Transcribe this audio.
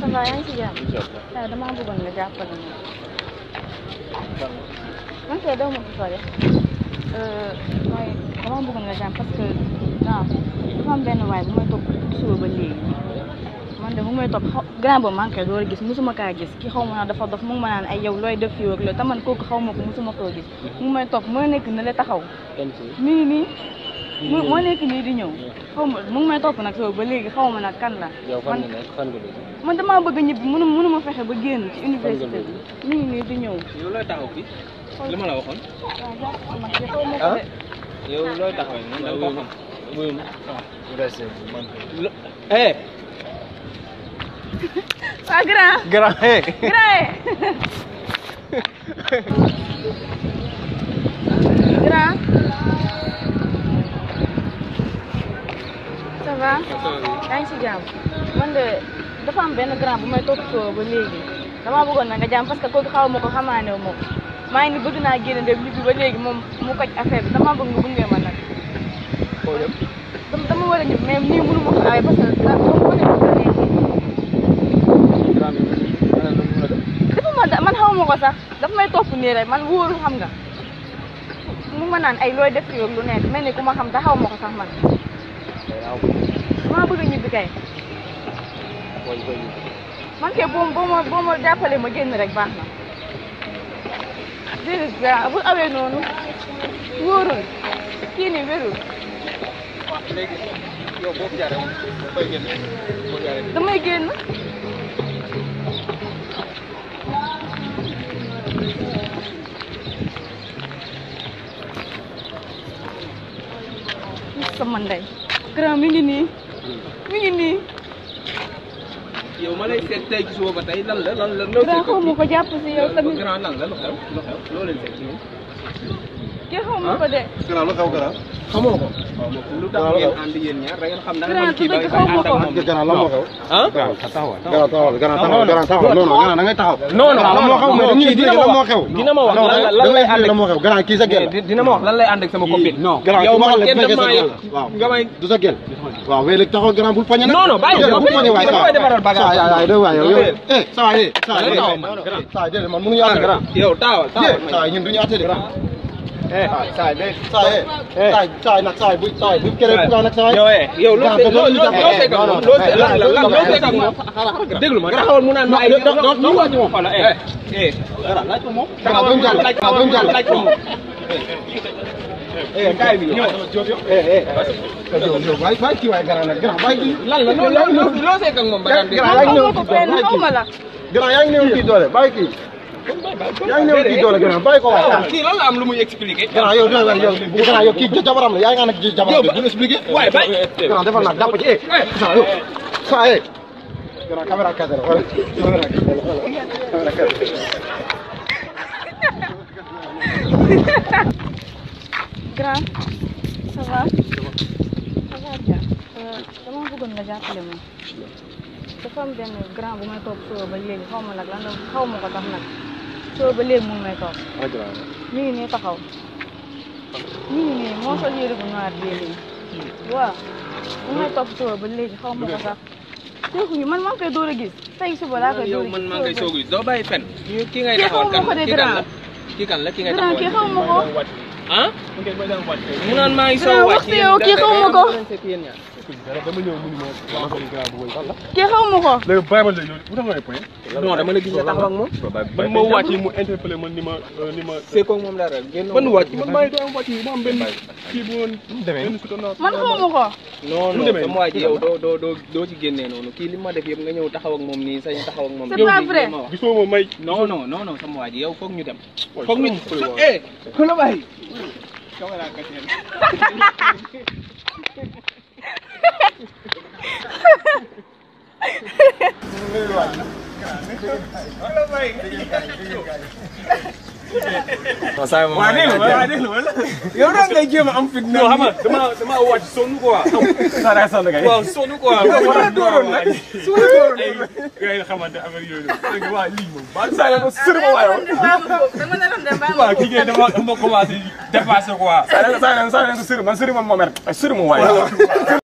ça va yaa ngi ci jàmm. waaw damaa bëggoon nga jàppale ma. man kay daw ma fi sori. mooy damaa bëggoon nga jàpp parce que ah dafa benn waay bu may topp suba ba léegi man de bu may topp xaw grand boobu gis musuma kaa gis ki xaw ma naa dafa dof mu ma naan ay yow looy def fii ak loolu te kooku xaw ma ko musuma koo gis mu may topp moo nekk na taxaw. mi Mau nekk nii di ñëw xaw ma mu ngi may topp nag soo ba léegi xaw ma nag kan la ya, man man damaa bëgg a ñibbi mënu mënu ma fexe ba génn ci université bi mi ngi nii di ñëw yow looy taxaw fii li la waxoon yow looy taxaw man da ko xam wuyu ma eh waa ah, grand grand eh grand eh grand ça va. yaa ngi si jàmm. man dafa am benn grand bu may topp soo ba léegi damaa bëggoon na nga jàmm parce que kooku xaw ma ko xamaane wu ma ko maa ngi ni bëgg naa génn ba léegi moom mu koj affaire bi damaa bëgg nga gunge ma dama dama war a ñëw ma ko awee parce que ma man xaw ma ko dafa may topp nii man wóoru xam nga. mu ma naan ay looy def yow lu nekk mel ni ku ma xam te Ma bëgg a ñibbi kay. man kay boo boo ma boo ma jàppale ma génn rek baax na. déedéet gaa bu awee noonu wóorul kii nii wérul. léegi yow boo ko jaaree woon bay génn boo jaaree. damay génn. sama ndey. grand mi ngi nii mi ngi nii. yow ma lay seet tey ci suba ba tey lan la lan la. loo seet ko grand xaw ma ko jàpp si yow tamit la lu xew lu xew kii xamuma ko de. gannaaw la xaw gannaaw. xamoo ko. lu tax ngeen ànd yéen ñaar da ngeen xam da ngeen kii ba ngeen ànd ak moom. gannaaw la moo xaw. ah gannaaw taxawal taxawal gannaaw taxawal non non gannaaw da ngay taxaw. non non la moo xaw mais dañuy dégg la moo xew. dina ma wax lan lan lay ànd ak moo xew gannaaw kii sa gel la. dina ma wax lan lay ànd ak sama copine. non yow man kenn daf maa yëg nga may du sa gel. waaw wéy léegi taxawal gannaaw bul poñe nag. non non bàyyi ko bul poñe waay saa waay waay yow eh saa waay eh, saa waay man mënuñu ànd gannaaw yow taxawal taxawal ñun duñu àtte de Chạy lên, chạy, chạy, chạy nạc chạy, bụi chạy, bụi kia đây bụi nạc chạy. Yo, yo, lo se lo lo lo se kang, lo se la la la lo se kang. Deglu ma, kau mau nanya, lo lo lo lo cuma pala. Eh, eh, lah cuma. Kau pun jalan, kau pun jalan, kau pun. Eh, kai bi. Eh, eh. Yo, yo, baik baik kiwa karena gerah baik. Lah, lo lo lo lo se kang mau bagan. Gerah yang ni untuk dole, baik. yaa ngi néew kii doole gën a bàyyi ko waaye. kii lan la am lu muy expliqué. gannaaw yow dina yow gannaaw yow kii jabaram la yaa ngi naan kii jabaram la. bu ñu eh. saa ya, eh. gannaaw caméra cadre la wala caméra cadre la wala caméra cadre la. grand ça va. ça va bien. dama bëggoon nga jàppale moom. dafa am benn grand bu soo ba léegi mu ngi may kaw. mi ngi nii taxaw. mi ngi nii moo sol yére bu noir bii nii. waaw bu may topp soo ba léegi xaw ma ko sax. teeku ñu man maa ngi koy door a gis tey suba laa koy door a gis. man maa ngi koy soog a gis doo bàyyi fen. kii ngay taxawal kan kii kan la kii kan la kii ngay taxawal. kii xaw ma ko. ah. mu naan maa ngi soog a wàcc yéen dara kii xaw ma ko. dama ñëw mu ni ma waaw xam nga bu boy la kii xaw ma ko léegi bàyyi ma léegi bu tax ngay nga taxaw ak moom ni ma ni moom dara génn man wàcc ma am benn kii bu woon benn suto naa man xaw sama waa ji yow doo doo doo doo ci génnee noonu kii li ma def yëpp sama waa ji yow ñu dem foog ñu eh ko la waaw saa moom maa ngi yow da ngay jéem a am fit. non xam nga dama dama wàcc sonn quoi. saa daa sonn kay. waaw sonn quoi. yow la dooroon nag su ma dooroon nag. yow nga xamante affaire yooyu la. dégg nga waa lii moom. waaw saa yoo xam ne waayoon. dama ne la dama. waaw kii kay dama dama commencé dépassé quoi. saa yoo saa yoo saa yoo sori man sori ma moo mer sori ma waayoon.